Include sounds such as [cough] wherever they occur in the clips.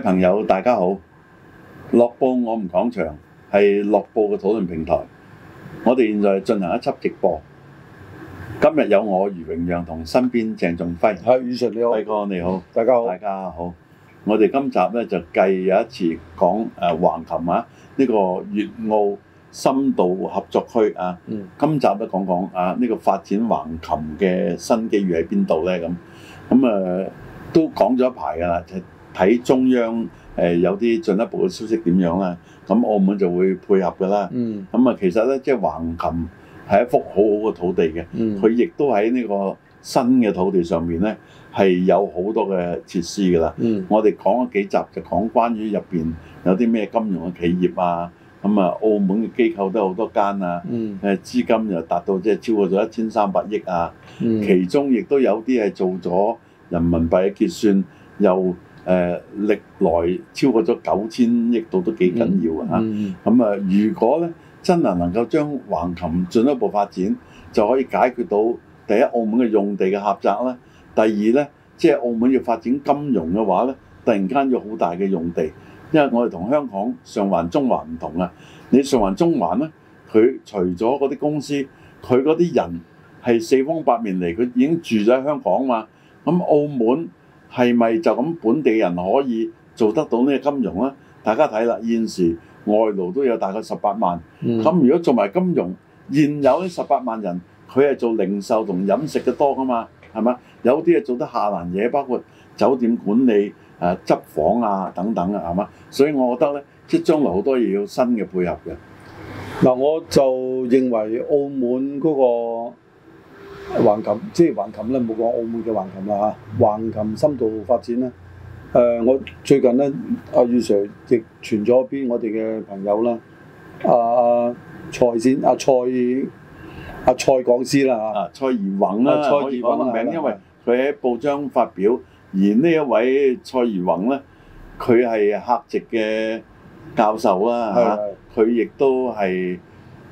朋友大家好，樂報我們講場，係樂報嘅討論平台。我哋現在進行一輯直播。今日有我余榮陽同身邊鄭仲輝，係余叔你好，大哥你好，大家好，大家好。我哋今集咧就繼有一次講誒橫琴啊呢、呢個粵澳深度合作區啊，嗯、今集咧講講啊呢、呢個發展橫琴嘅新機遇喺邊度咧咁，咁啊、嗯呃、都講咗一排噶啦。睇中央、呃、有啲進一步嘅消息點樣啦，咁澳門就會配合㗎啦。咁啊、嗯，其實咧即係橫琴係一幅好好嘅土地嘅，佢亦、嗯、都喺呢個新嘅土地上面咧係有好多嘅設施㗎啦。嗯、我哋講咗幾集就講關於入邊有啲咩金融嘅企業啊，咁啊澳門嘅機構都有好多間啊，誒、嗯、資金又達到即係超過咗一千三百億啊，嗯、其中亦都有啲係做咗人民幣嘅結算又。誒、呃、歷來超過咗九千億度都幾緊要㗎吓，咁、嗯、啊如果咧真係能夠將橫琴進一步發展，就可以解決到第一澳門嘅用地嘅狹窄啦，第二咧即係澳門要發展金融嘅話咧，突然間要好大嘅用地，因為我哋同香港上環中環唔同啊，你上環中環咧佢除咗嗰啲公司，佢嗰啲人係四方八面嚟，佢已經住咗喺香港啊嘛，咁、嗯、澳門。係咪就咁本地人可以做得到呢個金融呢？大家睇啦，現時外勞都有大概十八萬，咁、嗯、如果做埋金融，現有呢十八萬人，佢係做零售同飲食嘅多㗎嘛，係嘛？有啲係做得下欄嘢，包括酒店管理、誒、呃、執房啊等等啊，係嘛？所以我覺得呢，即係將來好多嘢要新嘅配合嘅。嗱、嗯，我就認為澳門嗰、那個。橫琴即係橫琴咧，冇講澳門嘅橫琴啦嚇。橫琴深度發展咧，誒、呃，我最近咧，阿月 Sir 亦傳咗俾我哋嘅朋友啦，阿蔡先，阿蔡，阿蔡講師啦嚇。蔡宜宏啦，蔡宜、啊、宏嘅、啊啊啊、名，因為佢喺報章發表。的而呢一位蔡宜宏咧，佢係客席嘅教授的啊嚇，佢亦都係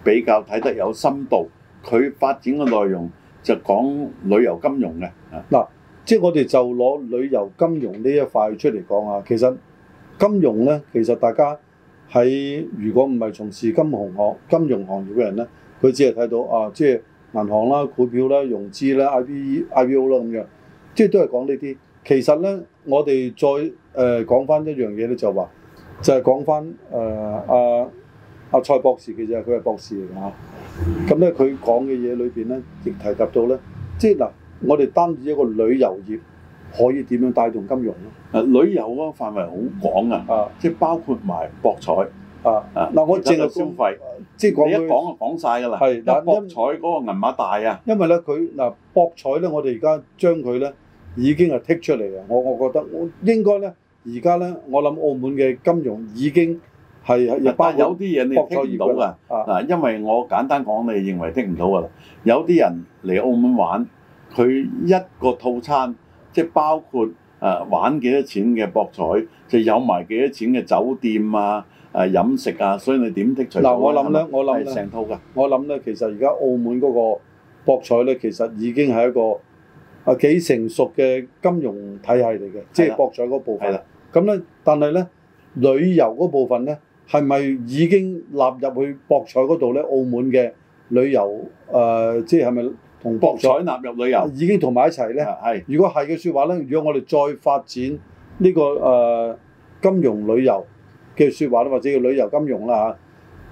比較睇得有深度，佢發展嘅內容。就講旅遊金融嘅，嗱，即係我哋就攞旅遊金融呢一塊出嚟講啊。其實金融呢，其實大家喺如果唔係從事金融行金融行業嘅人呢，佢只係睇到啊，即係銀行啦、股票啦、融資啦、IPO 啦咁樣，即係都係講呢啲。其實呢，我哋再誒講翻一樣嘢咧，就話就係講翻誒啊。阿、啊、蔡博士其實佢係博士嚟㗎嚇，咁咧佢講嘅嘢裏邊咧，亦、嗯嗯、提及到咧，即係嗱，我哋單止一個旅遊業可以點樣帶動金融咧？誒，旅遊嗰個範圍好廣啊，即係、啊、包括埋博彩啊啊！嗱、啊，我淨係消費，即係講一講就講晒㗎啦。係嗱是，博彩嗰個銀碼大啊，因為咧佢嗱博彩咧，我哋而家將佢咧已經係剔出嚟啊！我我覺得我應該咧，而家咧，我諗澳門嘅金融已經。係，是啊、但係有啲嘢你剔唔到㗎。嗱、啊，因為我簡單講，你認為剔唔到㗎啦。有啲人嚟澳門玩，佢一個套餐即係包括誒、呃、玩幾多錢嘅博彩，就有埋幾多錢嘅酒店啊、誒、呃、飲食啊，所以你點剔除？嗱、啊，我諗咧，我諗成套㗎。我諗咧，其實而家澳門嗰個博彩咧，其實已經係一個誒幾成熟嘅金融體系嚟嘅，即係的博彩嗰部分。啦的。咁咧，但係咧，旅遊嗰部分咧。係咪已經納入去博彩嗰度咧？澳門嘅旅遊，誒、呃，即係係咪同博彩納入旅遊？旅遊已經同埋一齊咧。係的，如果係嘅説話咧，如果我哋再發展呢、這個誒、呃、金融旅遊嘅説話啦，或者叫旅遊金融啦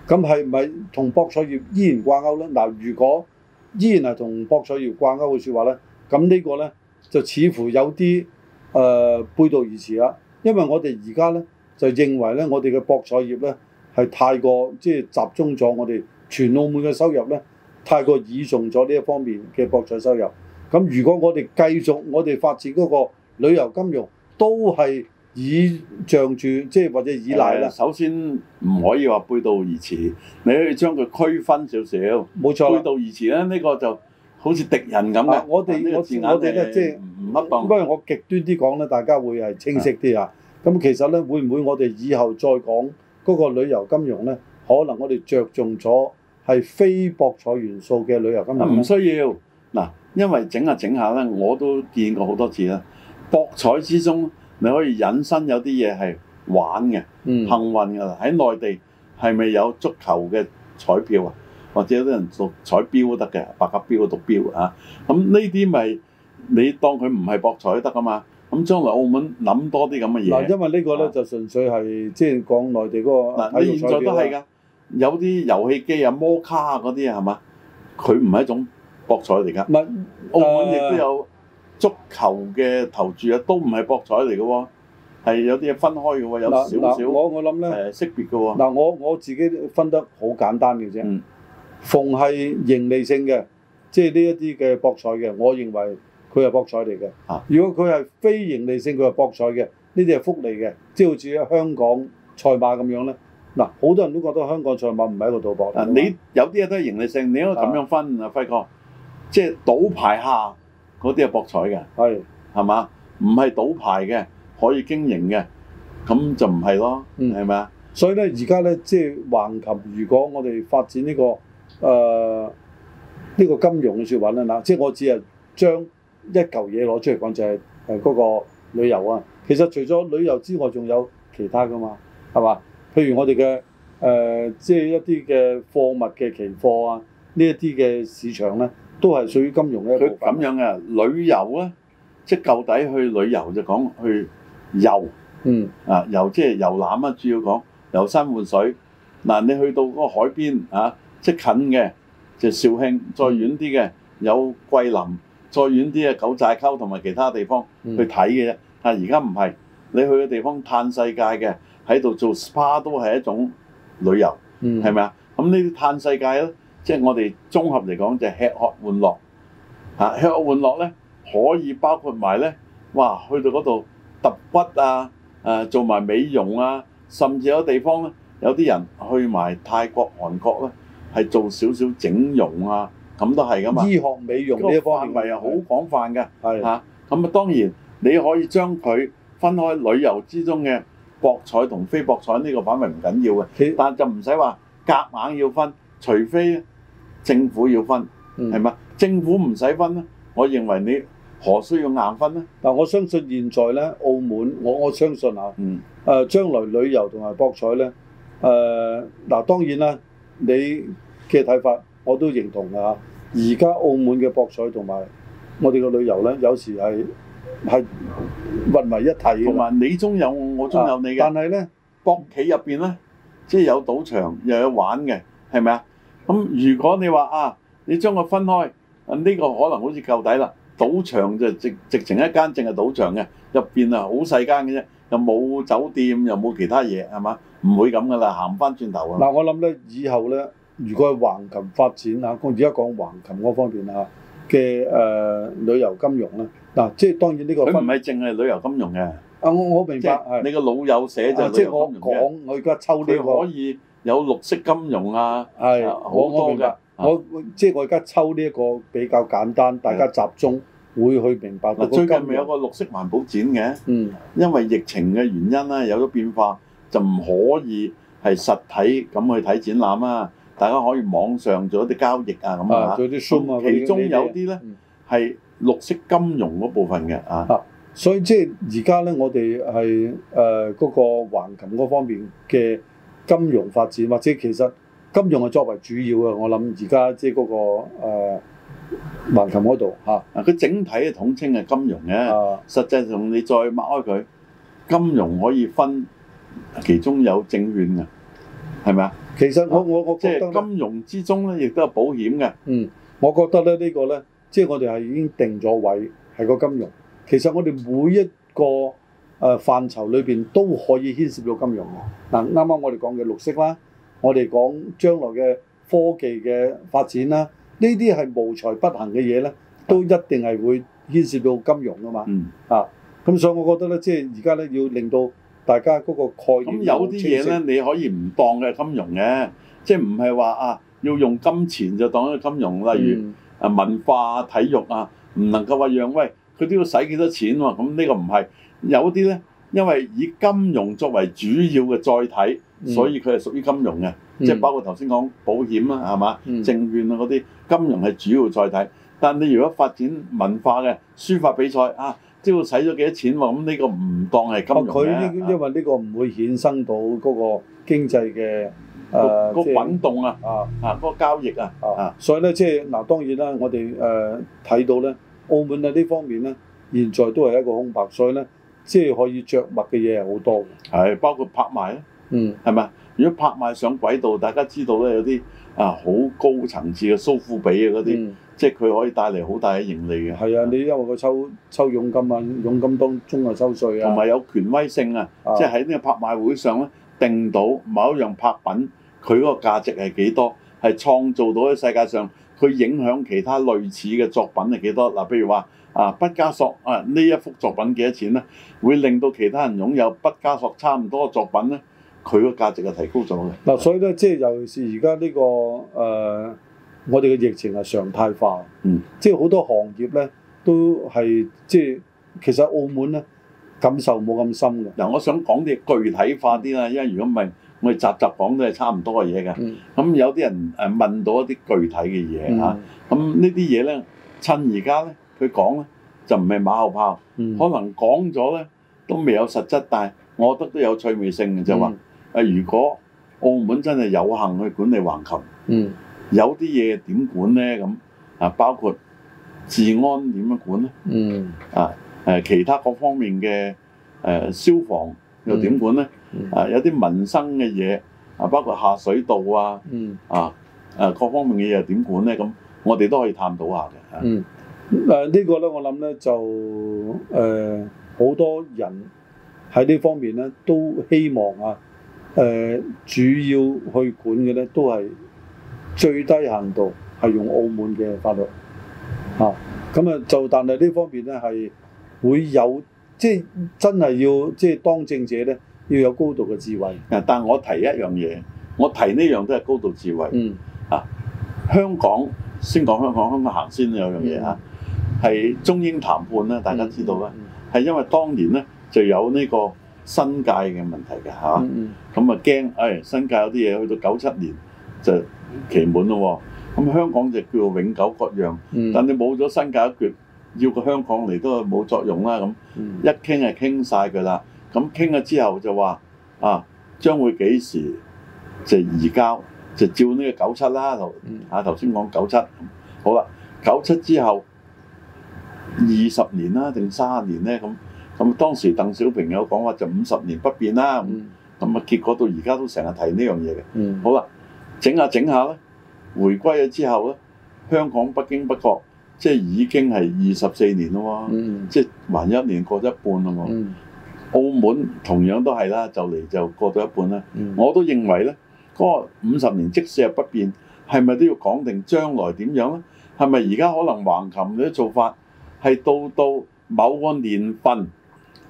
嚇，咁係咪同博彩業依然掛鈎咧？嗱、呃，如果依然係同博彩業掛鈎嘅説話咧，咁呢個咧就似乎有啲誒、呃、背道而馳啦，因為我哋而家咧。就認為咧，我哋嘅博彩業咧係太過即係、就是、集中咗我哋全澳門嘅收入咧，太過倚重咗呢一方面嘅博彩收入。咁如果我哋繼續我哋發展嗰個旅遊金融，都係倚仗住即係或者倚賴啦。首先唔可以話背道而馳，你可以將佢區分少少。冇錯、啊、背道而馳咧，呢、這個就好似敵人咁嘅、啊。我哋我我哋咧即唔唔乜噃，因為我極端啲講咧，大家會係清晰啲啊。咁其實咧，會唔會我哋以後再講嗰、嗰個旅遊金融咧？可能我哋着重咗係非博彩元素嘅旅遊金融。唔需要嗱，因為整下整下咧，我都見過好多次啦。博彩之中，你可以引申有啲嘢係玩嘅，嗯、幸運㗎。喺內地係咪有足球嘅彩票啊？或者有啲人讀彩標都得嘅，白鴿標都讀標啊。咁呢啲咪你當佢唔係博彩都得㗎嘛？咁將來澳門諗多啲咁嘅嘢。嗱、啊，因為這個呢個咧、啊、就純粹係即係講內地嗰個體育賽事嗱、啊，你現在都係㗎，啊、有啲遊戲機啊、摩卡嗰啲啊，係嘛？佢唔係一種博彩嚟㗎。唔係、啊，澳門亦都有足球嘅投注啊，都唔係博彩嚟㗎喎，係有啲嘢分開㗎喎，有少少。我我諗咧，誒，識別㗎喎。嗱，我我、啊啊、我，我自己分得好簡單嘅啫。嗯。逢係盈利性嘅，即係呢一啲嘅博彩嘅，我認為。佢係博彩嚟嘅，啊、如果佢係非盈利性，佢係博彩嘅，呢啲係福利嘅，即係好似香港賽馬咁樣咧。嗱、啊，好多人都覺得香港賽馬唔係一個賭博。你有啲嘢都係盈利性，的你應該咁樣分係的啊，輝哥，即係賭牌下嗰啲係博彩嘅，係係嘛？唔係賭牌嘅可以經營嘅，咁就唔係咯，係咪啊？吧所以咧，而家咧即係橫琴，如果我哋發展呢、呢個誒呢、呃呢個金融嘅説話咧，嗱、啊，即係我只係將。一嚿嘢攞出嚟講就係誒嗰個旅遊啊！其實除咗旅遊之外，仲有其他噶嘛，係嘛？譬如我哋嘅誒，即係一啲嘅貨物嘅期貨啊，呢一啲嘅市場咧，都係屬於金融嘅。佢咁樣嘅旅遊咧、啊，即係到底去旅遊就講去遊，嗯啊遊即係遊覽啊，主要講遊山玩水。嗱、啊，你去到嗰個海邊啊，即近嘅就肇慶，再遠啲嘅有桂林，再遠啲啊，九寨溝同埋其他地方去睇嘅啫。啊、嗯，但係而家唔係你去嘅地方，嘆世界嘅喺度做 SPA 都係一種旅遊，係咪啊？咁呢啲嘆世界咧，即、就、係、是、我哋綜合嚟講就係吃喝玩樂。嚇、啊，吃喝玩樂咧，可以包括埋咧，哇！去到嗰度揼骨啊，誒、啊、做埋美容啊，甚至有地方咧，有啲人去埋泰國、韓國咧，係做少少整容啊。咁都係噶嘛？醫學美容呢一方面範圍啊，好廣泛嘅，係嚇，咁啊，當然你可以將佢分開旅遊之中嘅博彩同非博彩呢個範圍唔緊要嘅，的但就唔使話夾硬要分，除非政府要分，係嘛、嗯？政府唔使分呢？我認為你何需要硬分呢？嗱，我相信現在呢，澳門我我相信啊，誒、嗯啊，將來旅遊同埋博彩呢，誒、啊、嗱，當然啦，你嘅睇法。我都認同呀，而家澳門嘅博彩同埋我哋嘅旅遊咧，有時係係混為一體嘅。同埋你中有我，我中有你嘅。但係咧，博企入邊咧，即係有賭場又有玩嘅，係咪啊？咁如果你話啊，你將佢分開，啊呢個可能好似夠底啦，賭場就直直成一間淨係賭場嘅，入邊啊好細間嘅啫，又冇酒店又冇其他嘢，係嘛？唔會咁噶啦，行翻轉頭啊！嗱，我諗咧，以後咧。如果係橫琴發展啊，我而家講橫琴嗰方面啊嘅誒旅遊金融咧，嗱、啊、即係當然呢個佢唔係淨係旅遊金融嘅。啊，我我明白。就是、是你個老友寫就旅遊金融、啊、即係我講，我而家抽呢、呢個。你可以有綠色金融啊，係好多嘅。啊、我、啊、我即係我而家抽呢一個比較簡單，大家集中會去明白。最近咪有一個綠色環保展嘅。嗯。因為疫情嘅原因咧、啊，有咗變化，就唔可以係實體咁去睇展覽啊。大家可以網上做一啲交易啊，咁啊，咁、啊啊、其中有啲咧係綠色金融嗰部分嘅啊，啊。所以即係而家咧，我哋係誒嗰個橫琴嗰方面嘅金融發展，或者其實金融係作為主要嘅。我諗而家即係嗰、那個誒、呃、橫琴嗰度吓，佢整體啊統稱係金融嘅。啊、實際上你再擘開佢，金融可以分，其中有證券嘅。係咪啊？其實我我、啊、我覺得即係金融之中咧，亦都有保險嘅。嗯，我覺得咧呢個咧，即係我哋係已經定咗位係個金融。其實我哋每一個誒範疇裏邊都可以牽涉到金融。嗱，啱、啊、啱我哋講嘅綠色啦，我哋講將來嘅科技嘅發展啦，這些是呢啲係無財不行嘅嘢咧，都一定係會牽涉到金融㗎嘛。嗯。啊，咁所以我覺得咧，即係而家咧要令到。大家嗰個概念咁有啲嘢咧，你可以唔當嘅金融嘅，即係唔係話啊要用金錢就當金融。例如啊文化啊、體育啊，唔能夠話讓喂佢都要使幾多錢喎、啊？咁呢個唔係有啲咧，因為以金融作為主要嘅載體，嗯、所以佢係屬於金融嘅，即係包括頭先講保險啊，係嘛證券啊嗰啲金融係主要載體。但你如果發展文化嘅書法比賽啊？只要使咗幾多錢喎？咁呢個唔當係金融咧。佢呢，因為呢個唔會衍生到嗰個經濟嘅誒個滾動啊啊，個嗰個交易啊啊，啊所以咧即係嗱，當然啦，我哋誒睇到咧，澳門啊呢方面咧，現在都係一個空白，所以咧即係可以着墨嘅嘢係好多嘅。係，包括拍賣啊，嗯，係咪？如果拍賣上軌道，大家知道咧有啲啊好高層次嘅蘇富比啊嗰啲。嗯即係佢可以帶嚟好大嘅盈利嘅。係啊，你因為佢抽抽佣金啊，佣金當中又收稅啊。同埋有，有權威性啊，啊即係喺呢個拍賣會上咧，定到某一樣拍品佢嗰個價值係幾多，係創造到喺世界上佢影響其他類似嘅作品係幾多嗱？譬如話啊，畢、啊、加索啊呢一幅作品幾多錢咧？會令到其他人擁有畢加索差唔多嘅作品咧，佢個價值係提高咗嘅。嗱、啊，所以咧，即係尤其是而家呢個誒。呃我哋嘅疫情係常態化的，嗯，即係好多行業咧都係即係其實澳門咧感受冇咁深嘅。嗱、呃，我想講啲具體化啲啦，因為如果唔係我哋集集講都係差唔多嘅嘢嘅。咁、嗯、有啲人誒問到一啲具體嘅嘢嚇，咁、嗯啊、呢啲嘢咧趁而家咧佢講咧就唔係馬後炮，嗯、可能講咗咧都未有實質，但係我覺得都有趣味性嘅就係話誒，嗯、如果澳門真係有幸去管理橫琴，嗯。有啲嘢點管咧咁啊，包括治安點樣管咧？嗯啊誒，其他各方面嘅誒、呃、消防又點管咧？嗯嗯、啊，有啲民生嘅嘢啊，包括下水道啊，嗯啊誒、啊，各方面嘅嘢又點管咧？咁我哋都可以探討一下嘅嚇。啊、嗯、呃呢個、呢個咧我諗咧就誒好、呃、多人喺呢方面咧都希望啊誒、呃，主要去管嘅咧都係。最低限度係用澳門嘅法律嚇，咁啊就但係呢方面咧係會有即係真係要即係當政者咧要有高度嘅智慧。但係我提一樣嘢，我提呢樣都係高度智慧。嗯啊，香港先講香港，香港行先，先有樣嘢嚇，係、嗯、中英談判咧，大家知道啦，係、嗯、因為當年咧就有呢個新界嘅問題嘅嚇，咁啊驚誒、嗯哎、新界有啲嘢去到九七年就。期滿咯喎，咁香港就叫永久割讓，嗯、但你冇咗新解決，要個香港嚟都冇作用啦咁。一傾係傾晒㗎啦，咁傾咗之後就話啊，將會幾時就移交就照呢個九七啦，頭啊頭先講九七，好啦，九七之後二十年啦定三十年咧咁，咁當時鄧小平有講話就五十年不變啦，咁咁啊結果到而家都成日提呢樣嘢嘅，嗯、好啦。整下整下咧，回歸咗之後咧，香港不經不覺，即係已經係二十四年啦喎，嗯、即係還一年過咗一半啦。嗯、澳門同樣都係啦，就嚟就過咗一半啦。嗯、我都認為咧，嗰、個五十年即使係不變，係咪都要講定將來點樣咧？係咪而家可能橫琴嗰啲做法係到到某個年份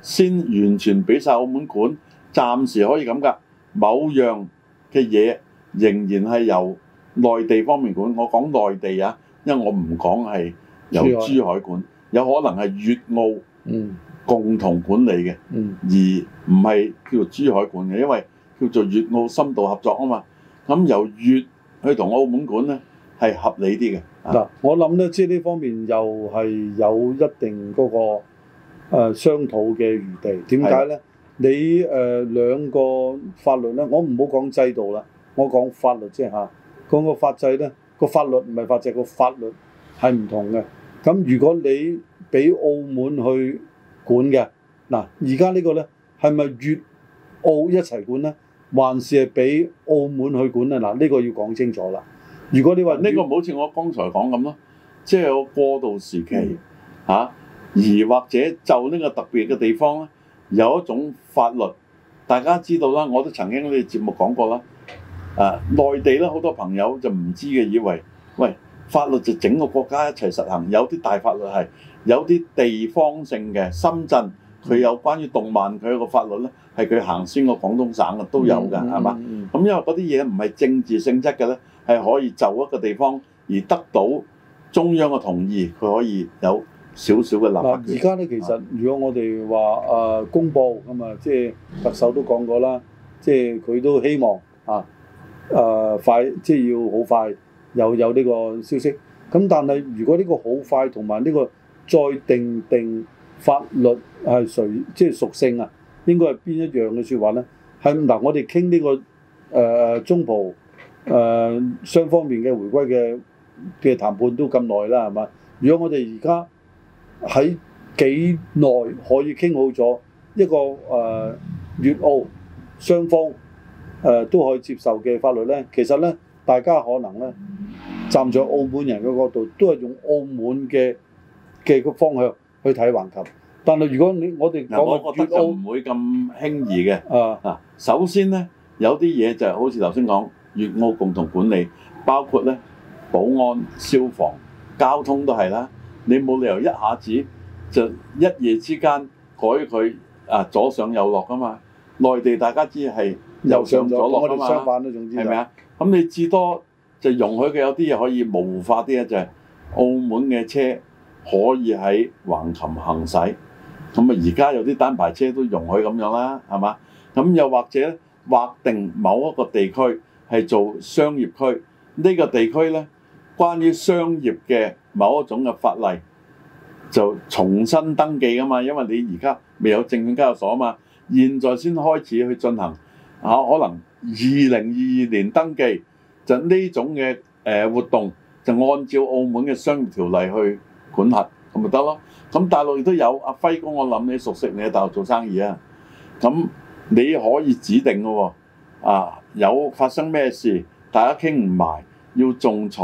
先完全俾晒澳門管，暫時可以咁㗎，某樣嘅嘢。仍然係由內地方面管，我講內地啊，因為我唔講係由珠海管，有可能係粵澳共同管理嘅，而唔係叫做珠海管嘅，因為叫做粵澳深度合作啊嘛。咁由粵去同澳門管呢係合理啲嘅。嗱，我諗呢，即係呢方面又係有一定嗰個誒商討嘅餘地。點解呢？你誒兩個法律呢，我唔好講制度啦。我講法律啫嚇，講個法制咧，個法律唔係法制，個法律係唔同嘅。咁如果你俾澳門去管嘅，嗱而家呢個咧係咪粵澳一齊管咧？還是係俾澳門去管咧？嗱、這、呢個要講清楚啦。如果你話呢個唔好似我剛才講咁咯，即係個過渡時期嚇、嗯啊，而或者就呢個特別嘅地方有一種法律，大家知道啦，我都曾經喺我哋節目講過啦。啊！內地咧好多朋友就唔知嘅，以為喂法律就整個國家一齊實行。有啲大法律係有啲地方性嘅。深圳佢、嗯、有關於動漫佢一個法律咧，係佢行先，個廣東省嘅都有㗎，係嘛、嗯？咁、嗯嗯啊、因為嗰啲嘢唔係政治性質嘅咧，係可以就一個地方而得到中央嘅同意，佢可以有少少嘅立法權。嗱、啊，而家咧其實、啊、如果我哋話啊公佈咁啊，即係特首都講過啦，即係佢都希望啊。誒、啊、快，即係要好快有有呢個消息。咁但係如果呢個好快同埋呢個再定定法律係誰，即係屬性該是哪是啊？應該係邊一樣嘅説話咧？喺、呃、嗱，我哋傾呢個誒中葡誒雙方面嘅回歸嘅嘅談判都咁耐啦，係嘛？如果我哋而家喺幾耐可以傾好咗一個誒粵、呃、澳雙方？誒、呃、都可以接受嘅法律咧，其實咧，大家可能咧，站在澳門人嘅角度，都係用澳門嘅嘅方向去睇橫琴。但係如果你我哋我覺得唔會咁輕易嘅。呃、啊，首先咧，有啲嘢就係、是、好似頭先講，粵澳共同管理，包括咧，保安、消防、交通都係啦。你冇理由一下子就一夜之間改佢啊左上右落㗎嘛。內地大家知係右上左落，相反啦，總之，係咪啊？咁你至多就容許佢有啲嘢可以模糊化啲啊，就係、是、澳門嘅車可以喺橫琴行駛。咁啊，而家有啲單牌車都容許咁樣啦，係嘛？咁又或者劃定某一個地區係做商業區，呢、這個地區咧，關於商業嘅某一種嘅法例就重新登記啊嘛，因為你而家未有證券交易所啊嘛。現在先開始去進行嚇、啊，可能二零二二年登記就呢種嘅誒、呃、活動，就按照澳門嘅商業條例去管轄咁咪得咯。咁大陸亦都有，阿、啊、輝哥我諗你熟悉，你喺大陸做生意啊。咁你可以指定㗎喎，啊有發生咩事，大家傾唔埋要仲裁，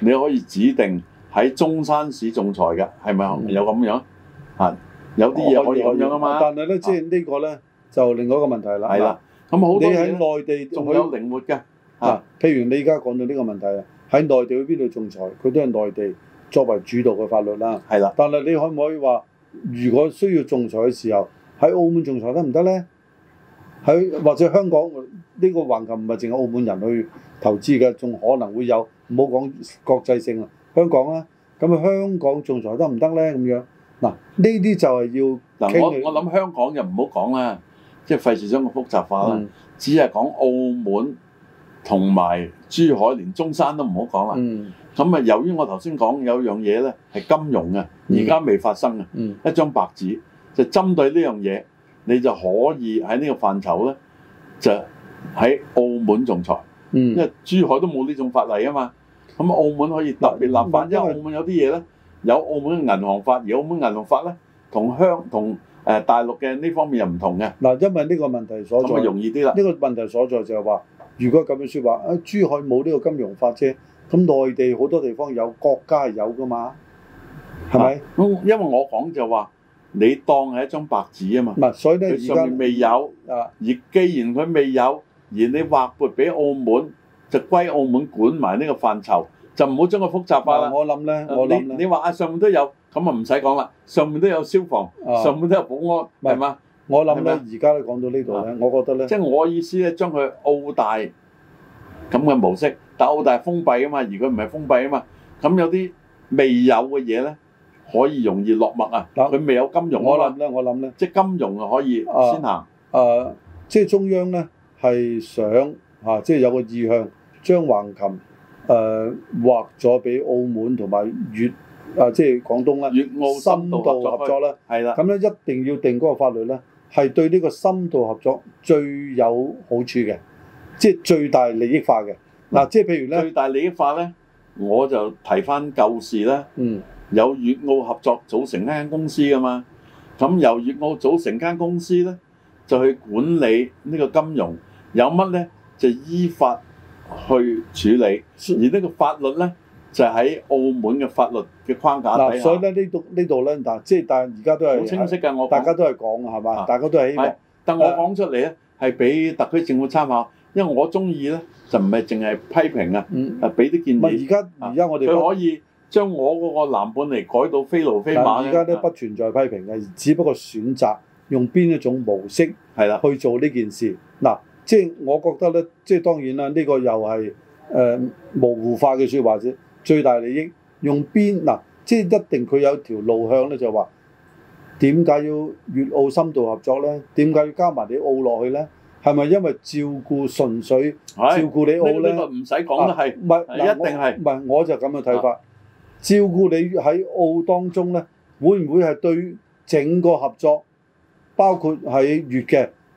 你可以指定喺中山市仲裁㗎，係咪有咁樣啊？嗯有啲嘢可以咁樣可以啊嘛，但係咧，即係呢個咧就另外一個問題啦。係啦，咁好多你喺內地仲有靈活嘅。啊，譬如你而家講到呢個問題啊，喺內地去邊度仲裁，佢都係內地作為主導嘅法律啦。係啦的，但係你可唔可以話，如果需要仲裁嘅時候，喺澳門仲裁得唔得咧？喺或者香港呢、呢個橫琴唔係淨係澳門人去投資嘅，仲可能會有，唔好講國際性啊，香港啦、啊，咁啊香港仲裁得唔得咧？咁樣？嗱，呢啲就係要嗱，我我諗香港就唔好講啦，即係費事將佢複雜化啦，嗯、只係講澳門同埋珠海，嗯、連中山都唔好講啦。咁啊、嗯，由於我頭先講有樣嘢咧係金融嘅，而家、嗯、未發生嘅，嗯、一張白紙就針對呢樣嘢，你就可以喺呢個範疇咧就喺澳門仲裁，嗯、因為珠海都冇呢種法例啊嘛。咁澳門可以特別立法，因為澳門有啲嘢咧。有澳門銀行法，而澳門銀行法咧，同香同誒大陸嘅呢方面又唔同嘅。嗱，因為呢個問題所在咁啊，就容易啲啦。呢個問題所在就係話，如果咁樣說話，啊，珠海冇呢個金融法啫，咁內地好多地方有，國家有噶嘛，係咪、啊？是吧嗯，因為我講就話，你當係一張白紙啊嘛。唔係，所以咧，而家未有啊。在而既然佢未有，而你劃撥俾澳門，就歸澳門管埋呢個範疇。就唔好將佢複雜化啦。我諗咧，你你話啊，上面都有，咁啊唔使講啦。上面都有消防，上面都有保安，係嘛？我諗咧，而家都講到呢度咧，我覺得咧，即係我意思咧，將佢澳大咁嘅模式，但係澳大係封閉噶嘛，而佢唔係封閉啊嘛。咁有啲未有嘅嘢咧，可以容易落墨啊。但佢未有金融。我諗咧，我諗咧，即係金融可以先行。誒，即係中央咧係想嚇，即係有個意向將橫琴。誒、呃、劃咗俾澳門同埋粵啊，即係廣東咧，粵澳深度合作咧，係啦。咁咧一定要定嗰個法律咧，係對呢個深度合作最有好處嘅，即係最大利益化嘅。嗱、嗯啊，即係譬如咧，最大利益化咧，我就提翻舊事啦。嗯。由粵澳合作組成一間公司㗎嘛，咁由粵澳組成間公司咧，就去管理呢個金融，有乜咧就依法，去處理，而呢個法律咧就喺、係、澳門嘅法律嘅框架底下。嗱，所以咧呢度呢度咧，嗱即係但係而家都係好清晰㗎，我大家都係講㗎係嘛？大家都係希望。但我講出嚟咧係俾特區政府參考，因為我中意咧就唔係淨係批評啊，係俾啲建議。而家而家我哋佢可以將我嗰個藍本嚟改到非驢非馬。而家都不存在批評嘅，啊、只不過選擇用邊一種模式係啦去做呢件事。嗱的。即係我覺得咧，即係當然啦，呢、這個又係誒、呃、模糊化嘅說話啫。最大利益用邊嗱、啊？即係一定佢有條路向咧，就話點解要粵澳深度合作咧？點解要加埋你澳落去咧？係咪因為照顧純粹是照顧你澳咧？呢、這個唔使講啦，係唔係嗱？一定係，我唔係我就咁嘅睇法。是照顧你喺澳當中咧，會唔會係對整個合作，包括喺粵嘅？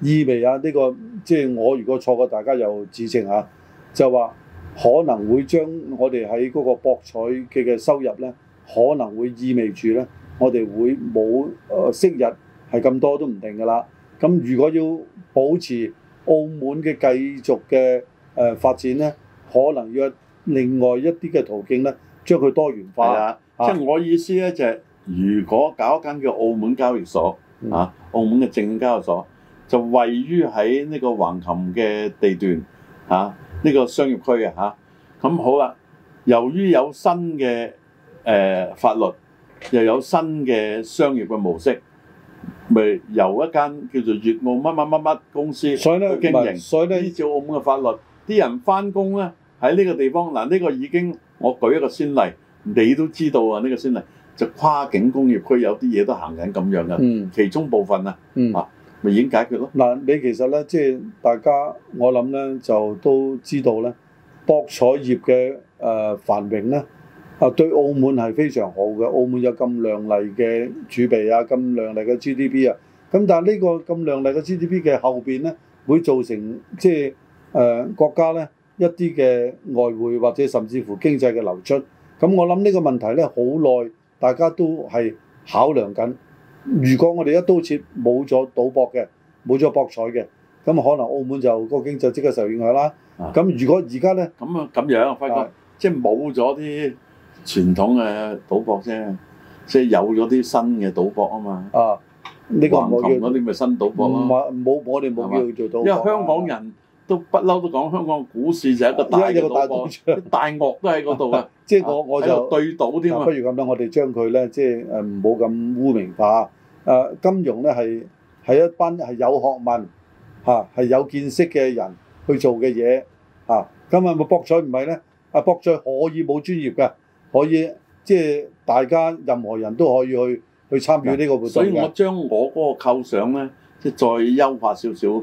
意味啊，呢、這個即係我如果錯過，大家又指正嚇。就話可能會將我哋喺嗰個博彩嘅收入咧，可能會意味住咧，我哋會冇誒昔日係咁多都唔定㗎啦。咁如果要保持澳門嘅繼續嘅誒、呃、發展咧，可能要另外一啲嘅途徑咧，將佢多元化。啊啊、即係我意思咧就係、是，如果搞間叫澳門交易所、啊嗯、澳門嘅證券交易所。就位於喺呢個橫琴嘅地段嚇，呢個商業區嘅。嚇、啊。咁好啦，由於有新嘅誒、呃、法律，又有新嘅商業嘅模式，咪由一間叫做粵澳乜乜乜乜公司去經營。所以咧，依照澳門嘅法律，啲人翻工咧喺呢個地方嗱，呢個已經我舉一個先例，你都知道啊，呢個先例就跨境工業區有啲嘢都行緊咁樣嘅，嗯、其中部分啊啊。嗯咪已經解決咯！嗱，你其實咧，即係大家，我諗咧就都知道咧，博彩業嘅誒繁榮咧，啊對澳門係非常好嘅。澳門有咁亮麗嘅儲備啊，咁亮麗嘅 GDP 啊，咁但係呢個咁亮麗嘅 GDP 嘅後邊咧，會造成即係誒國家咧一啲嘅外匯或者甚至乎經濟嘅流出。咁我諗呢個問題咧，好耐大家都係考量緊。如果我哋一刀切冇咗賭博嘅，冇咗博彩嘅，咁可能澳門就、個經濟即刻受影響啦。咁、啊、如果而家咧，咁啊咁樣，我發覺，即係冇咗啲傳統嘅賭博啫，即係、啊這個、有咗啲新嘅賭博啊嘛。啊，呢個唔要。唔冇，我哋冇要做到。因為香港人。啊都不嬲都講香港股市就係一個大鱷，個大鱷 [laughs] 都喺嗰度啊！即係 [laughs] 我我就對賭添，不如咁啦，我哋將佢咧，即係唔好咁污名化。啊、金融咧係一班係有學問係、啊、有見識嘅人去做嘅嘢嚇。咁啊博彩唔係咧？啊博彩可以冇專業嘅，可以即係、就是、大家任何人都可以去去參與呢個活動。所以我將我嗰個構想咧，即係再優化少少。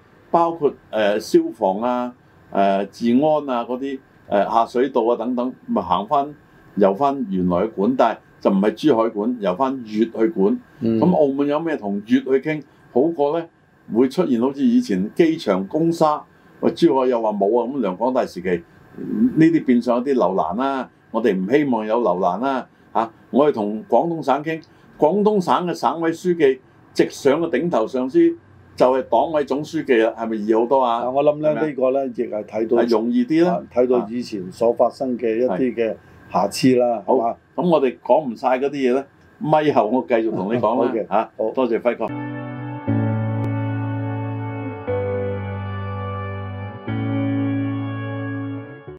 包括誒、呃、消防啊、誒、呃、治安啊嗰啲、誒、呃、下水道啊等等，咪行翻游翻原來嘅管，但就唔係珠海管，游翻粵去管。咁、嗯、澳門有咩同粵去傾？好過咧會出現好似以前機場公沙，珠海又話冇啊。咁梁廣大時期呢啲、呃、變相有啲留難啦、啊，我哋唔希望有留難啦、啊、吓、啊，我哋同廣東省傾，廣東省嘅省委書記直上嘅頂頭上司。就係黨委總書記啦，係咪易好多啊？我諗咧呢是是這個咧亦係睇到容易啲啦，睇到以前所發生嘅一啲嘅瑕疵啦。好，咁我哋講唔晒嗰啲嘢咧，咪後我繼續同你講啦嚇。 [laughs] okay, 啊、好，多謝輝哥。